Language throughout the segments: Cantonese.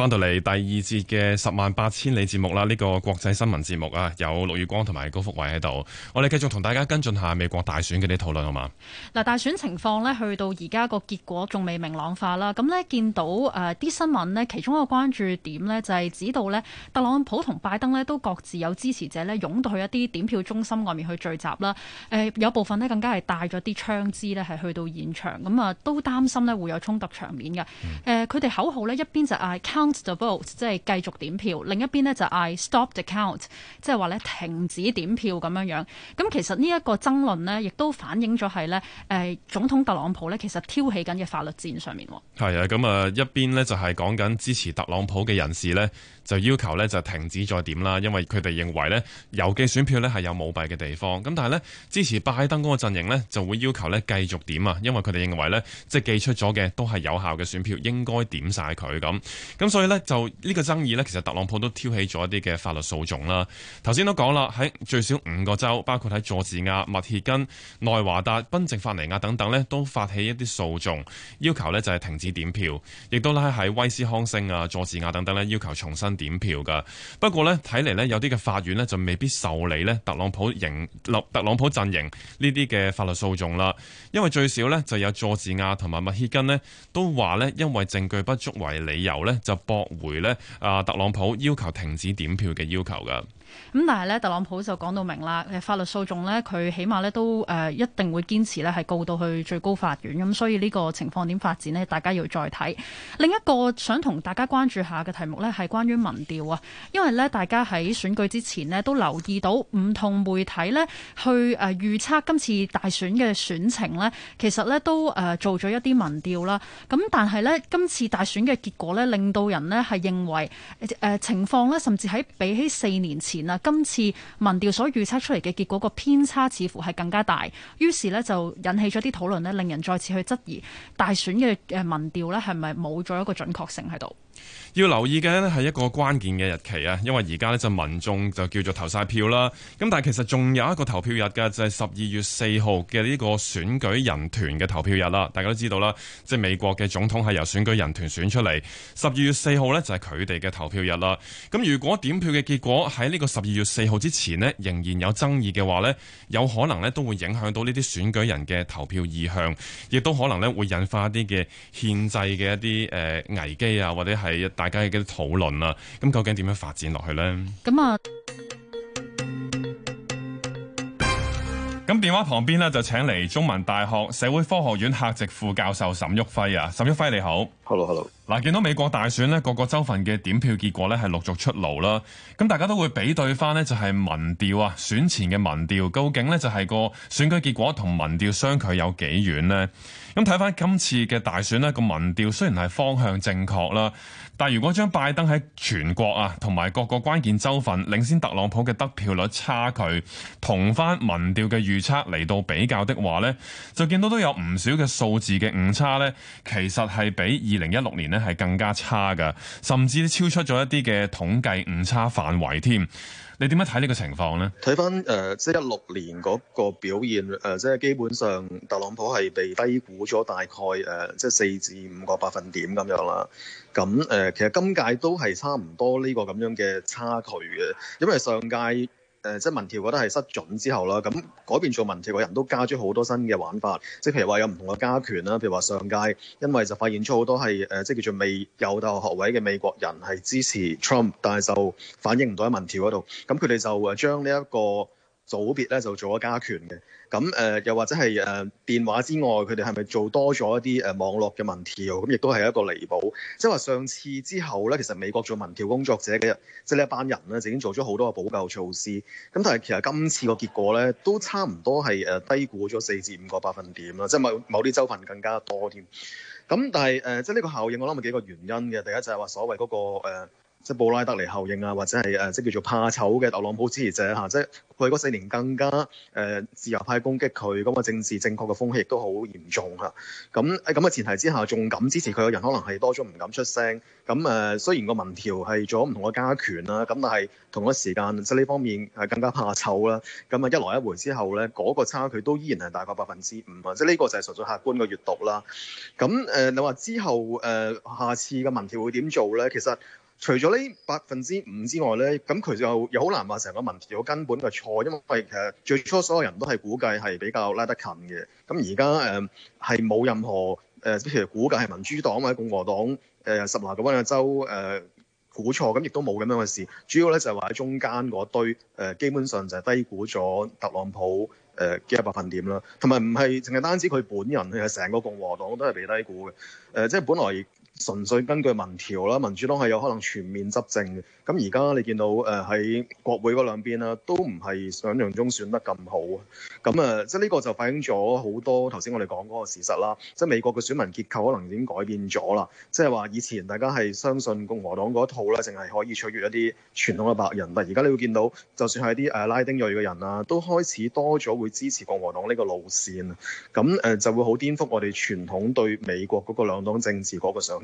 翻到嚟第二節嘅十萬八千里節目啦，呢個國際新聞節目啊，有盧宇光同埋高福偉喺度，我哋繼續同大家跟進下美國大選嘅啲討論，好嘛，嗱，大選情況呢，去到而家個結果仲未明朗化啦。咁呢，見到誒啲新聞呢，其中一個關注點呢，就係指到呢特朗普同拜登呢，都各自有支持者呢，湧到去一啲點票中心外面去聚集啦。誒，有部分呢，更加係帶咗啲槍支呢，係去到現場，咁啊都擔心呢會有衝突場面嘅。誒、嗯，佢哋口號呢，一邊就嗌 Vote, 即係繼續點票，另一邊呢就嗌 stop the count，即係話咧停止點票咁樣樣。咁其實呢一個爭論呢，亦都反映咗係呢誒，總統特朗普呢，其實挑起緊嘅法律戰上面。係啊，咁啊一邊呢就係講緊支持特朗普嘅人士呢，就要求呢就停止再點啦，因為佢哋認為呢郵寄選票呢係有舞弊嘅地方。咁但係呢，支持拜登嗰個陣營呢，就會要求呢繼續點啊，因為佢哋認為呢，即係寄出咗嘅都係有效嘅選票，應該點晒佢咁。咁所以所以咧就呢個爭議呢，其實特朗普都挑起咗一啲嘅法律訴訟啦。頭先都講啦，喺最少五個州，包括喺佐治亞、密歇根、內華達、賓夕法尼亞等等呢，都發起一啲訴訟，要求呢就係、是、停止點票，亦都咧喺威斯康星啊、佐治亞等等呢，要求重新點票噶。不過呢，睇嚟呢，有啲嘅法院呢，就未必受理呢特朗普營、特朗普陣營呢啲嘅法律訴訟啦，因為最少呢，就有佐治亞同埋密歇根呢，都話呢，因為證據不足為理由呢。就。駁回咧，阿特朗普要求停止點票嘅要求噶。咁但係咧，特朗普就講到明啦，法律訴訟咧，佢起碼咧都誒、呃、一定會堅持咧，係告到去最高法院。咁所以呢個情況點發展呢，大家要再睇。另一個想同大家關注下嘅題目呢，係關於民調啊，因為呢，大家喺選舉之前呢，都留意到唔同媒體呢去誒、呃、預測今次大選嘅選情呢，其實呢都誒、呃、做咗一啲民調啦。咁但係呢，今次大選嘅結果呢，令到人呢係認為誒、呃、情況呢，甚至喺比起四年前。今次民調所預測出嚟嘅結果，個偏差似乎係更加大，於是呢就引起咗啲討論咧，令人再次去質疑大選嘅誒民調呢係咪冇咗一個準確性喺度。要留意嘅呢係一個關鍵嘅日期啊，因為而家呢，就民眾就叫做投晒票啦。咁但係其實仲有一個投票日嘅就係十二月四號嘅呢個選舉人團嘅投票日啦。大家都知道啦，即係美國嘅總統係由選舉人團選出嚟。十二月四號呢，就係佢哋嘅投票日啦。咁如果點票嘅結果喺呢個十二月四號之前呢，仍然有爭議嘅話呢，有可能呢都會影響到呢啲選舉人嘅投票意向，亦都可能呢會引發一啲嘅憲制嘅一啲誒危機啊，或者係。大家嘅討論，咁究竟點樣發展落去呢？咁啊我，咁電話旁邊呢，就請嚟中文大學社會科學院客席副教授沈旭輝啊，沈旭輝你好，Hello，Hello。Hello, hello. 嗱，見到美國大選咧，各個州份嘅點票結果咧係陸續出爐啦。咁大家都會比對翻咧，就係民調啊，選前嘅民調，究竟咧就係個選舉結果同民調相距有幾遠咧？咁睇翻今次嘅大選咧，個民調雖然係方向正確啦，但係如果將拜登喺全國啊同埋各個關鍵州份領先特朗普嘅得票率差距同翻民調嘅預測嚟到比較的話咧，就見到都有唔少嘅數字嘅誤差咧，其實係比二零一六年咧。係更加差㗎，甚至超出咗一啲嘅統計誤差範圍添。你點樣睇呢個情況呢？睇返誒，即係一六年嗰個表現誒、呃，即係基本上特朗普係被低估咗大概誒、呃，即係四至五個百分點咁樣啦。咁誒、呃，其實今屆都係差唔多呢個咁樣嘅差距嘅，因為上屆。誒，即係民調覺得係失準之後啦，咁改變咗民調嘅人都加咗好多新嘅玩法，即係譬如話有唔同嘅加權啦，譬如話上屆因為就發現咗好多係誒、即係叫做未有大學學位嘅美國人係支持 Trump，但係就反映唔到喺民調嗰度，咁佢哋就誒、將呢一個。組別咧就做咗加權嘅，咁誒、呃、又或者係誒、呃、電話之外，佢哋係咪做多咗一啲誒、呃、網絡嘅民調，咁亦都係一個彌補，即係話上次之後咧，其實美國做民調工作者嘅即係一班人咧，就已經做咗好多嘅補救措施。咁但係其實今次個結果咧，都差唔多係低估咗四至五個百分點啦，即、就、係、是、某某啲州份更加多添。咁但係即係呢個效應，我諗有幾個原因嘅。第一就係話所謂嗰、那個、呃即布拉德尼效應啊，或者係即叫做怕醜嘅特朗普支持者嚇、啊，即佢嗰四年更加誒、呃、自由派攻擊佢，咁、那個政治正確嘅風氣亦都好嚴重嚇、啊。咁喺咁嘅前提之下，仲敢支持佢嘅人，可能係多咗唔敢出聲。咁誒、呃，雖然個民調係做唔同嘅加權啦、啊，咁但係同一時間即呢方面更加怕醜啦。咁啊，一來一回之後咧，嗰、那個差距都依然係大概百分之五，即呢個就係純粹客觀嘅閱讀啦。咁誒、呃，你話之後誒、呃、下次嘅民調會點做咧？其實除咗呢百分之五之外咧，咁佢就又好難話成個民調根本嘅錯，因為其實最初所有人都係估計係比較拉得近嘅。咁而家誒係冇任何即係估計係民主黨或者共和黨誒、呃、十幾個州誒估、呃、錯，咁亦都冇咁樣嘅事。主要咧就係話喺中間嗰堆誒、呃，基本上就係低估咗特朗普嘅、呃、幾百分點啦。同埋唔係淨係單止佢本人，係成個共和黨都係被低估嘅。誒、呃，即係本來。純粹根據民調啦，民主黨係有可能全面執政嘅。咁而家你見到誒喺國會嗰兩邊啊，都唔係想像中選得咁好啊。咁啊，即係呢個就反映咗好多頭先我哋講嗰個事實啦。即係美國嘅選民結構可能已經改變咗啦。即係話以前大家係相信共和黨嗰一套咧，淨係可以取悦一啲傳統嘅白人，但而家你會見到，就算係啲誒拉丁裔嘅人啊，都開始多咗會支持共和黨呢個路線啊。咁誒就會好顛覆我哋傳統對美國嗰個兩黨政治嗰個想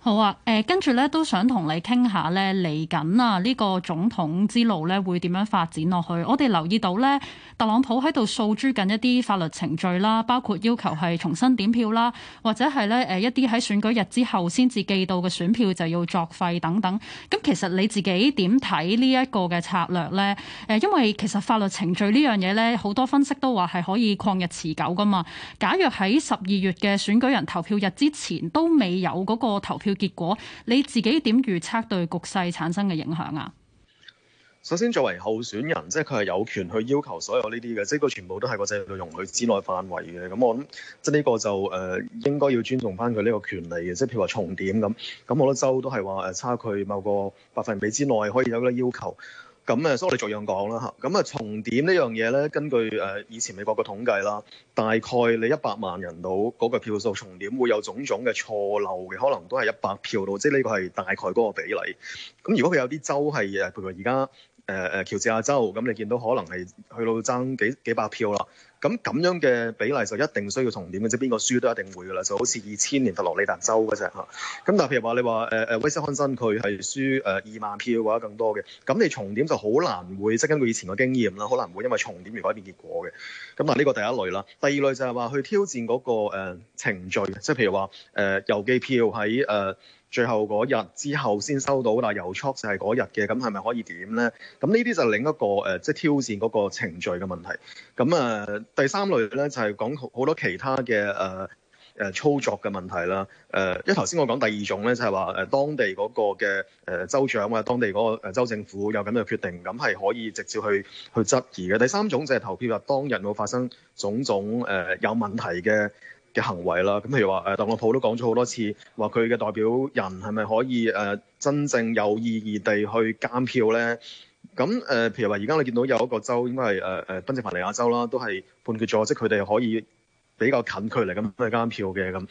好啊，誒跟住咧都想同你傾下咧，嚟緊啊呢個總統之路咧會點樣發展落去？我哋留意到咧，特朗普喺度訴諸緊一啲法律程序啦，包括要求係重新點票啦，或者係咧、呃、一啲喺選舉日之後先至寄到嘅選票就要作廢等等。咁其實你自己點睇呢一個嘅策略咧？呃，因為其實法律程序呢樣嘢咧好多分析都話係可以曠日持久噶嘛。假如喺十二月嘅選舉人投票日之前都未有嗰個投票，要結果，你自己點預測對局勢產生嘅影響啊？首先，作為候選人，即係佢係有權去要求所有呢啲嘅，即係佢全部都係個制度容許之內範圍嘅。咁我諗，即係呢個就誒、呃、應該要尊重翻佢呢個權利嘅。即係譬如話重點咁，咁好多州都係話誒，差距某個百分比之內可以有個要求。咁誒，所以我哋逐樣講啦嚇。咁啊，重點呢樣嘢咧，根據誒、呃、以前美國嘅統計啦，大概你一百萬人到嗰、嗰個票數重點會有種種嘅錯漏嘅，可能都係一百票到，即係呢個係大概嗰個比例。咁如果佢有啲州係誒，譬如而家誒誒喬治亞州，咁你見到可能係去到爭幾幾百票啦。咁咁樣嘅比例就一定需要重點嘅，即係邊個輸都一定會噶啦，就好似二千年佛羅里達州嗰隻。咁但係譬如話你話誒誒威斯康辛佢係輸誒、呃、二萬票或者更多嘅，咁你重點就好難會即、就是、根據以前嘅經驗啦，可能會因為重點而改變結果嘅。咁但係呢個第一類啦，第二類就係話去挑戰嗰、那個、呃、程序，即譬如話誒、呃、郵寄票喺誒。呃最後嗰日之後先收到，但郵戳就，就係嗰日嘅，咁係咪可以點呢？咁呢啲就另一個即係、呃就是、挑戰嗰個程序嘅問題。咁啊、呃，第三類咧就係、是、講好多其他嘅誒、呃、操作嘅問題啦。誒、呃，一頭先我講第二種咧，就係話誒當地嗰個嘅、呃、州長或者當地嗰個州政府有咁嘅決定，咁係可以直接去去質疑嘅。第三種就係投票日當日會發生種種誒、呃、有問題嘅。嘅行為啦，咁譬如話，誒特朗普都講咗好多次，話佢嘅代表人係咪可以誒真正有意義地去監票咧？咁誒，譬如話，而家你見到有一個州，應該係誒誒賓夕法尼亞州啦，都係判決咗，即係佢哋可以。比較近距離咁都係監票嘅咁，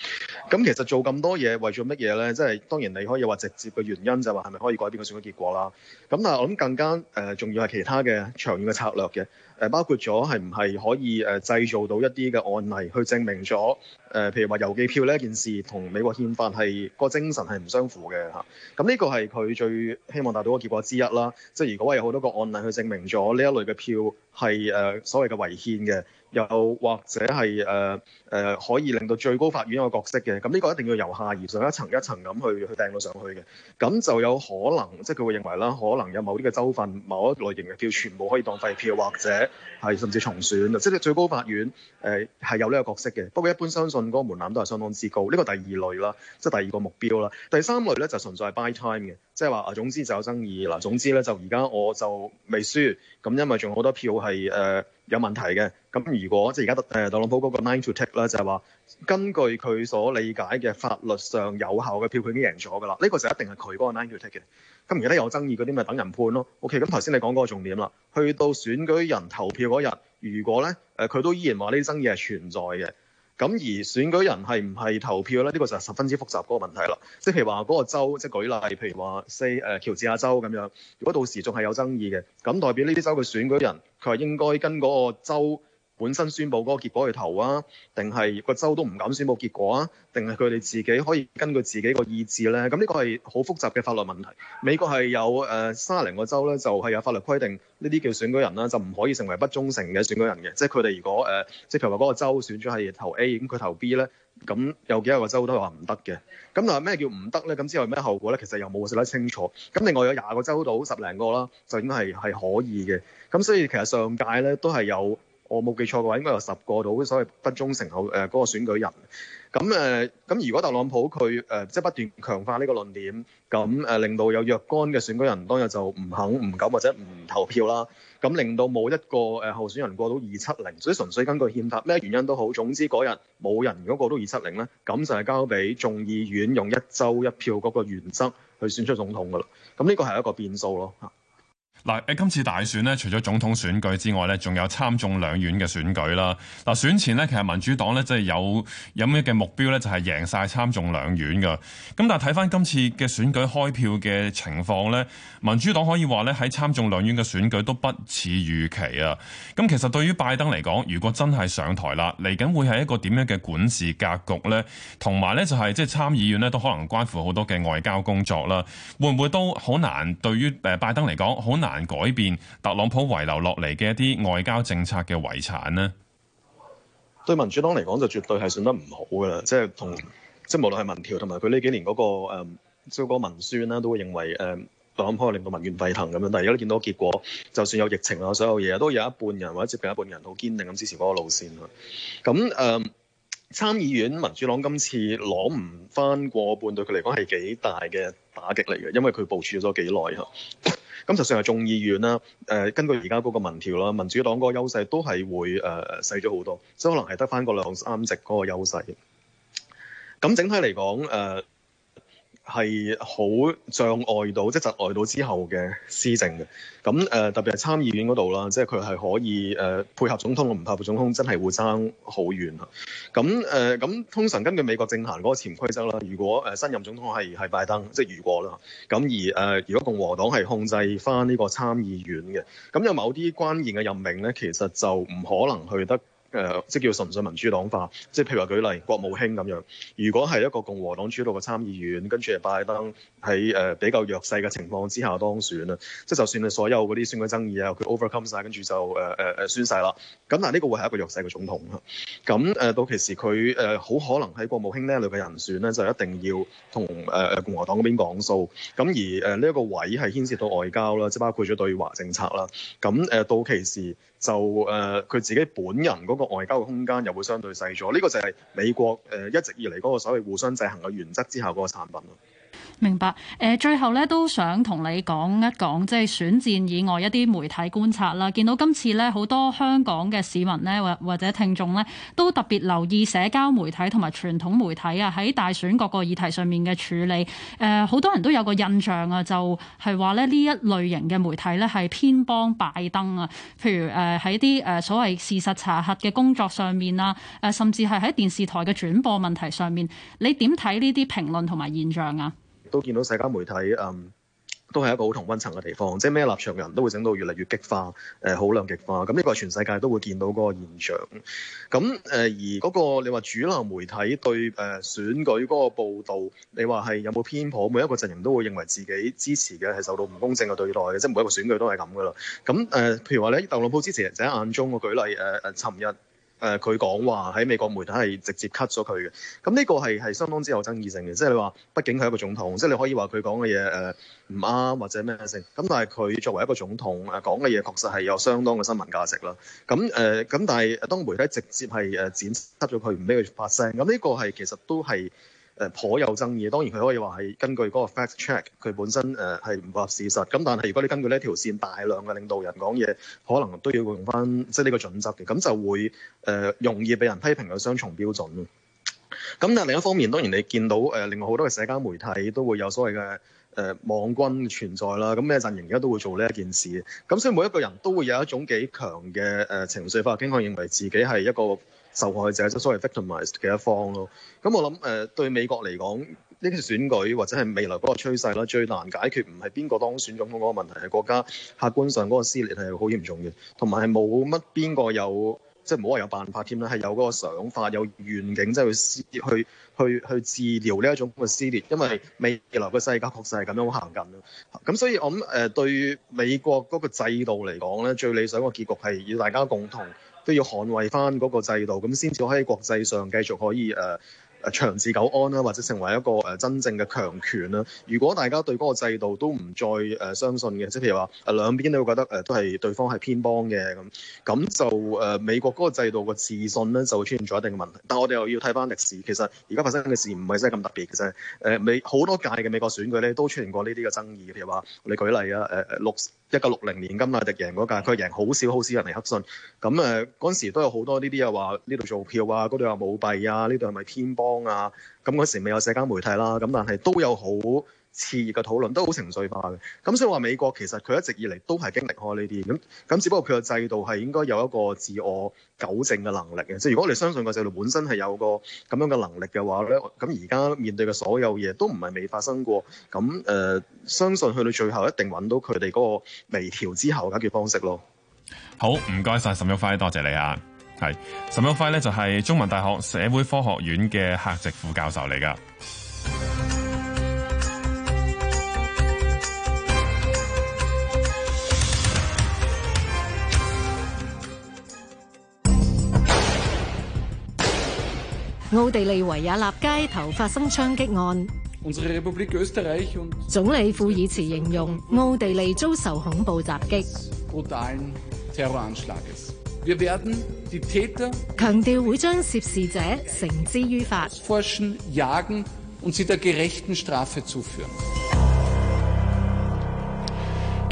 咁其實做咁多嘢為咗乜嘢咧？即係當然你可以話直接嘅原因就話係咪可以改變個選舉結果啦。咁但係我諗更加誒，仲要係其他嘅長遠嘅策略嘅、呃、包括咗係唔係可以誒製造到一啲嘅案例去證明咗。誒、呃，譬如話郵寄票呢一件事，同美國憲法係個精神係唔相符嘅吓。咁呢個係佢最希望達到嘅結果之一啦。即係如果有好多個案例去證明咗呢一類嘅票係、呃、所謂嘅違憲嘅，又或者係、呃呃、可以令到最高法院有個角色嘅，咁、嗯、呢、這個一定要由下而上一層一層咁去去掟到上去嘅。咁就有可能，即係佢會認為啦，可能有某啲嘅州份，某一類型嘅票全部可以當廢票，或者係甚至重選。即係最高法院係、呃、有呢個角色嘅。不過一般相信。信嗰個門檻都係相當之高，呢、這個第二類啦，即、就、係、是、第二個目標啦。第三類咧就純粹係 buy time 嘅，即係話啊，總之就有爭議啦，總之咧就而家我就未輸，咁因為仲有好多票係誒、呃、有問題嘅。咁如果即係而家特朗普嗰個 line to take 咧，就係話根據佢所理解嘅法律上有效嘅票，佢已經贏咗噶啦。呢、這個就一定係佢嗰個 line to take 嘅。咁而家咧有爭議嗰啲咪等人判咯。OK，咁頭先你講嗰個重點啦，去到選舉人投票嗰日，如果咧誒佢都依然話呢啲爭議係存在嘅，咁而選舉人係唔係投票呢？呢個就係十分之複雜嗰個問題啦。即係譬如話嗰個州，即舉例，譬如話 c 呃喬治亞州咁樣，如果到時仲係有爭議嘅，咁代表呢啲州嘅選舉人，佢係應該跟嗰個州。本身宣佈嗰個結果去投啊，定係個州都唔敢宣佈結果啊，定係佢哋自己可以根據自己個意志咧？咁呢個係好複雜嘅法律問題。美國係有誒卅零個州咧，就係、是、有法律規定呢啲叫選舉人啦、啊，就唔可以成為不忠誠嘅選舉人嘅。即係佢哋如果誒，即、呃、係譬如話嗰個州選咗係投 A，咁佢投 B 咧，咁有幾多個州都話唔得嘅？咁又咩叫唔得咧？咁之後咩後果咧？其實又冇寫得清楚。咁另外有廿個州到十零個啦，就應該係可以嘅。咁所以其實上屆咧都係有。我冇記錯嘅話，應該有十個到所謂不忠誠後誒嗰個選舉人。咁誒，咁、呃、如果特朗普佢誒即係不斷強化呢個論點，咁、呃、令到有若干嘅選舉人當日就唔肯不、唔敢或者唔投票啦。咁令到冇一個、呃、候選人過到二七零，所以純粹根據憲法咩原因都好，總之嗰日冇人嗰個都二七零咧，咁就係交俾眾議院用一週一票嗰個原則去選出總統噶啦。咁呢個係一個變數咯嚇。嗱，誒今次大選呢，除咗總統選舉之外呢，仲有參眾兩院嘅選舉啦。嗱，選前呢，其實民主黨呢，即係有有咩嘅目標呢，就係贏晒參眾兩院㗎。咁但係睇翻今次嘅選舉開票嘅情況呢，民主黨可以話呢，喺參眾兩院嘅選舉都不似預期啊。咁其實對於拜登嚟講，如果真係上台啦，嚟緊會係一個點樣嘅管治格局呢？同埋呢，就係即係參議院呢，都可能關乎好多嘅外交工作啦。會唔會都好難？對於誒拜登嚟講，好難。難改變特朗普遺留落嚟嘅一啲外交政策嘅遺產呢，對民主黨嚟講就絕對係算得唔好噶啦，即係同即係無論係民調同埋佢呢幾年嗰、嗰個誒、嗯，即嗰個民宣啦，都會認為誒、嗯，特朗普令到民怨沸騰咁樣。但係而家都見到結果，就算有疫情啦，所有嘢都有一半人或者接近一半人好堅定咁支持嗰個路線啦。咁誒。嗯參議院民主黨今次攞唔翻過半，對佢嚟講係幾大嘅打擊嚟嘅，因為佢部署咗幾耐嚇。咁就算係眾議院啦，誒根據而家嗰個民調啦，民主黨嗰、呃、個優勢都係會誒、呃、細咗好多，所以可能係得翻個兩三席嗰個優勢。咁整體嚟講，誒、呃。係好障礙到，即係窒礙到之後嘅施政嘅。咁誒、呃，特別係參議院嗰度啦，即係佢係可以誒、呃、配合總統，同唔配合總統，真係會差好遠啊！咁誒，咁、呃、通常根據美國政壇嗰個潛規則啦，如果新任總統係拜登，即係如果啦。咁而誒、呃，如果共和黨係控制翻呢個參議院嘅，咁有某啲關鍵嘅任命咧，其實就唔可能去得。誒、呃，即叫純粹民主黨化，即譬如話舉例，國務卿咁樣。如果係一個共和黨主導嘅參議院，跟住係拜登喺誒、呃、比較弱勢嘅情況之下當選啦，即就算係所有嗰啲選舉爭議啊，佢 overcome 晒，跟住就誒誒誒宣誓啦。咁但呢個會係一個弱勢嘅總統咁，呃、到其時佢誒好可能喺國務卿呢類嘅人選咧就一定要同誒、呃、共和黨嗰邊講數。咁而呢一、呃這個位係牽涉到外交啦，即包括咗對華政策啦。咁、呃、到其時，就誒，佢、呃、自己本人嗰個外交嘅空間又會相對細咗，呢、這個就係美國誒、呃、一直以嚟嗰個所謂互相制衡嘅原則之下嗰個產品咯。明白誒，最後咧都想同你講一講，即係選戰以外一啲媒體觀察啦。見到今次咧好多香港嘅市民咧或或者聽眾咧都特別留意社交媒體同埋傳統媒體啊，喺大選各個議題上面嘅處理，呃，好多人都有個印象啊，就係話咧呢一類型嘅媒體咧係偏幫拜登啊。譬如誒喺啲所謂事實查核嘅工作上面啊，甚至係喺電視台嘅轉播問題上面，你點睇呢啲評論同埋現象啊？都見到社交媒體，嗯，都係一個好同溫層嘅地方，即係咩立場人都會整到越嚟越激化，誒、呃，好兩極化。咁呢個係全世界都會見到嗰個現象。咁誒、呃，而嗰、那個你話主流媒體對誒、呃、選舉嗰個報導，你話係有冇偏頗？每一個陣營都會認為自己支持嘅係受到唔公正嘅對待嘅，即係每一個選舉都係咁噶啦。咁誒、呃，譬如話咧，特朗普支持者眼中，我舉例誒誒，尋、呃、日。誒佢講話喺美國媒體係直接 cut 咗佢嘅，咁呢個係係相當之有爭議性嘅，即係你話，畢竟係一個總統，即係你可以話佢講嘅嘢誒唔啱或者咩性，咁但係佢作為一個總統誒講嘅嘢確實係有相當嘅新聞價值啦，咁誒咁但係當媒體直接係誒、呃、剪 cut 咗佢，唔俾佢發聲，咁呢個係其實都係。誒頗有爭議，當然佢可以話係根據嗰個 fact check，佢本身誒係唔符合事實。咁但係如果你根據呢條線大量嘅領導人講嘢，可能都要用翻即係呢個準則嘅，咁就會誒、呃、容易俾人批評有雙重標準咯。咁但係另一方面，當然你見到誒、呃、另外好多嘅社交媒體都會有所謂嘅誒、呃、網軍存在啦。咁咩陣營而家都會做呢一件事嘅。咁所以每一個人都會有一種幾強嘅誒、呃、情緒化，傾向認為自己係一個受害者即係所謂 victimized 嘅一方咯。咁我諗誒、呃、對美國嚟講，呢次選舉或者係未來嗰個趨勢咧，最難解決唔係邊個當選總統嗰個問題，係國家客觀上嗰個撕裂係好嚴重嘅，同埋係冇乜邊個有，有，有即係冇好話有辦法添啦，係有嗰個想法、有願景，即、就、係、是、去撕、去去去治療呢一種嘅撕裂，因為未來個世界確實係咁樣行緊咯。咁所以我諗誒、呃、對於美國嗰個制度嚟講咧，最理想嘅結局係要大家共同。都要捍衛翻嗰個制度，咁先至可以國際上繼續可以誒、呃、長治久安啦，或者成為一個、呃、真正嘅強權啦。如果大家對嗰個制度都唔再、呃、相信嘅，即係譬如話誒、啊、兩邊都會覺得誒、呃、都係對方係偏幫嘅咁，咁就誒、呃、美國嗰個制度嘅自信咧就會出現咗一定嘅問題。但係我哋又要睇翻歷史，其實而家發生嘅事唔係真係咁特別嘅，其實誒、呃、美好多屆嘅美國選舉咧都出現過呢啲嘅爭議，譬如話你舉例啊、呃一九六零年甘迺迪贏嗰屆，佢贏好少好少人嚟黑信，咁誒嗰陣時都有好多呢啲又話呢度做票啊，嗰度又舞弊啊，呢度係咪偏幫啊？咁嗰陣時未有社交媒體啦，咁但係都有好熾熱嘅討論都好情緒化嘅，咁所以話美國其實佢一直以嚟都係經歷開呢啲，咁咁只不過佢嘅制度係應該有一個自我糾正嘅能力嘅，即係如果我哋相信個制度本身係有個咁樣嘅能力嘅話咧，咁而家面對嘅所有嘢都唔係未發生過，咁誒、呃、相信去到最後一定揾到佢哋嗰個微調之後解決方式咯。好，唔該晒，沈旭暉，多謝你啊，係沈旭暉咧就係中文大學社會科學院嘅客席副教授嚟㗎。奧地利維也納街頭發生槍擊案，總理庫爾茨形容奧地利遭受恐怖襲擊，強調會將涉事者繩之於法。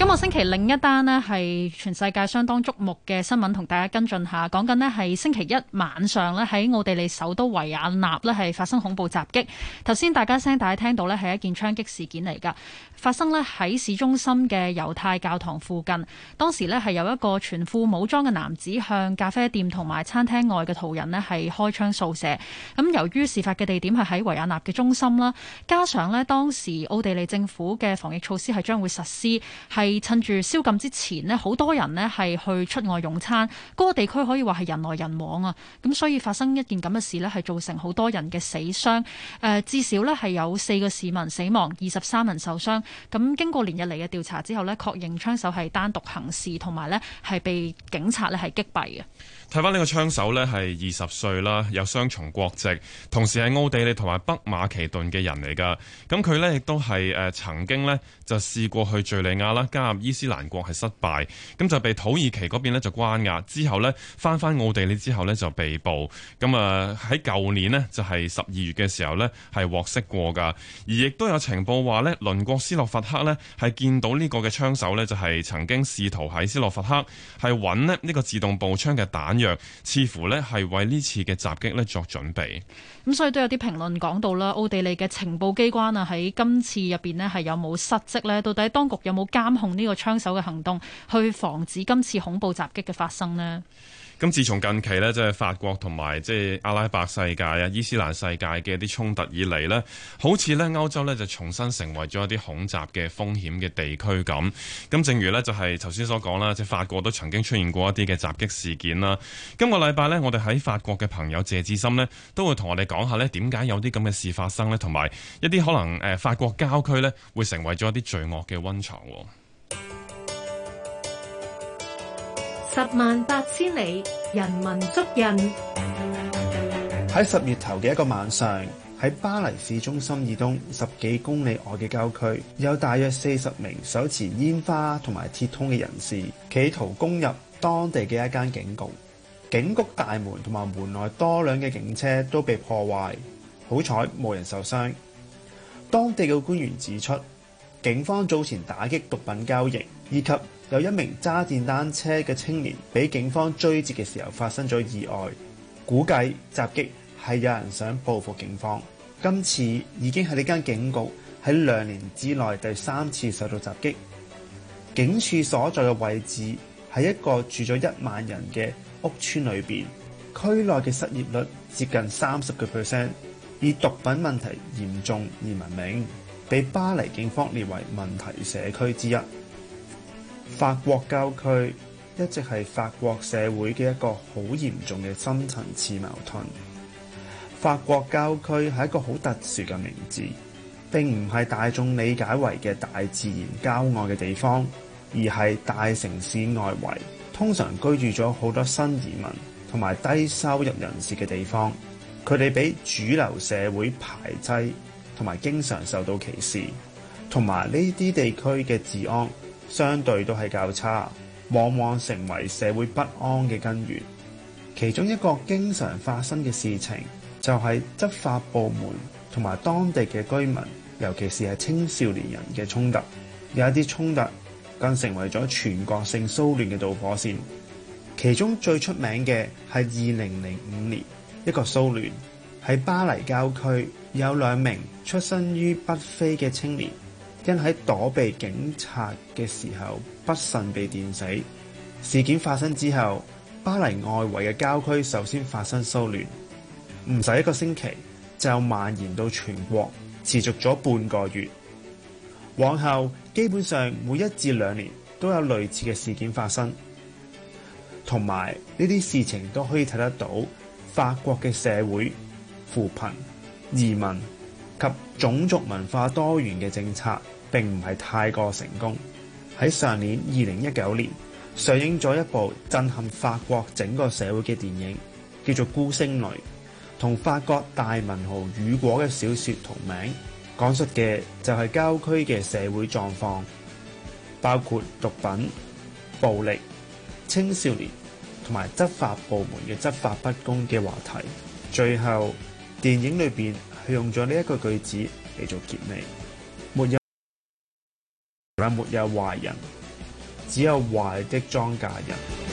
今個星期另一單呢，係全世界相當矚目嘅新聞，同大家跟進下。講緊呢，係星期一晚上呢，喺奧地利首都維也納呢係發生恐怖襲擊。頭先大家聲大家聽到呢，係一件槍擊事件嚟㗎，發生呢，喺市中心嘅猶太教堂附近。當時呢，係有一個全副武裝嘅男子向咖啡店同埋餐廳外嘅途人呢，係開槍掃射。咁由於事發嘅地點係喺維也納嘅中心啦，加上呢，當時奧地利政府嘅防疫措施係將會實施係。趁住宵禁之前咧，好多人咧係去出外用餐，嗰個地區可以話係人來人往啊，咁所以發生一件咁嘅事咧，係造成好多人嘅死傷，誒，至少咧係有四個市民死亡，二十三人受傷。咁經過連日嚟嘅調查之後咧，確認槍手係單獨行事，同埋咧係被警察咧係擊斃嘅。睇返呢個槍手呢係二十歲啦，有雙重國籍，同時係奧地利同埋北馬其頓嘅人嚟噶。咁佢呢亦都係誒曾經呢就試過去敍利亞啦，加入伊斯蘭國係失敗，咁就被土耳其嗰邊呢就關押。之後呢，返返奧地利之後呢就被捕。咁啊喺舊年呢就係十二月嘅時候呢係獲釋過噶。而亦都有情報話呢鄰國斯洛伐克呢係見到呢個嘅槍手呢就係、是、曾經試圖喺斯洛伐克係揾呢呢個自動步槍嘅彈。似乎呢係為呢次嘅襲擊呢作準備，咁、嗯、所以都有啲評論講到啦，奧地利嘅情報機關啊，喺今次入邊呢係有冇失職呢？到底當局有冇監控呢個槍手嘅行動，去防止今次恐怖襲擊嘅發生呢？咁自從近期呢，即係法國同埋即係阿拉伯世界啊、伊斯蘭世界嘅一啲衝突以嚟呢，好似呢歐洲呢，就重新成為咗一啲恐襲嘅風險嘅地區咁。咁正如呢，就係頭先所講啦，即法國都曾經出現過一啲嘅襲擊事件啦。今個禮拜呢，我哋喺法國嘅朋友謝智森呢，都會同我哋講下呢，點解有啲咁嘅事發生呢，同埋一啲可能誒法國郊區呢，會成為咗一啲罪惡嘅溫床。十萬八千里，人文足印。喺十月頭嘅一個晚上，喺巴黎市中心以東十幾公里外嘅郊區，有大約四十名手持煙花同埋鐵通嘅人士，企圖攻入當地嘅一間警局。警局大門同埋門內多輛嘅警車都被破壞，好彩冇人受傷。當地嘅官員指出，警方早前打擊毒品交易，以及有一名揸電單車嘅青年，俾警方追截嘅時候發生咗意外，估計襲擊係有人想報復警方。今次已經係呢間警局喺兩年之內第三次受到襲擊。警署所在嘅位置喺一個住咗一萬人嘅屋村裏邊，區內嘅失業率接近三十個 percent，以毒品問題嚴重而聞名，被巴黎警方列為問題社區之一。法國郊區一直係法國社會嘅一個好嚴重嘅深層次矛盾。法國郊區係一個好特殊嘅名字，並唔係大眾理解為嘅大自然郊外嘅地方，而係大城市外圍，通常居住咗好多新移民同埋低收入人士嘅地方。佢哋俾主流社會排擠，同埋經常受到歧視，同埋呢啲地區嘅治安相對都係較差，往往成為社會不安嘅根源。其中一個經常發生嘅事情，就係、是、執法部門同埋當地嘅居民，尤其是係青少年人嘅衝突。有一啲衝突更成為咗全國性騷亂嘅導火線。其中最出名嘅係二零零五年一個騷亂，喺巴黎郊區有兩名出身於北非嘅青年，因喺躲避警察嘅時候不慎被電死。事件發生之後，巴黎外圍嘅郊區首先發生騷亂，唔使一個星期就蔓延到全國持續咗半個月。往後基本上每一至兩年都有類似嘅事件發生，同埋呢啲事情都可以睇得到法國嘅社會扶貧、移民及種族文化多元嘅政策。並唔係太過成功。喺上年二零一九年上映咗一部震撼法國整個社會嘅電影，叫做《孤星淚》，同法國大文豪雨果嘅小說同名，講述嘅就係郊區嘅社會狀況，包括毒品、暴力、青少年同埋執法部門嘅執法不公嘅話題。最後電影裏邊係用咗呢一個句子嚟做結尾。也沒有壞人，只有壞的莊稼人。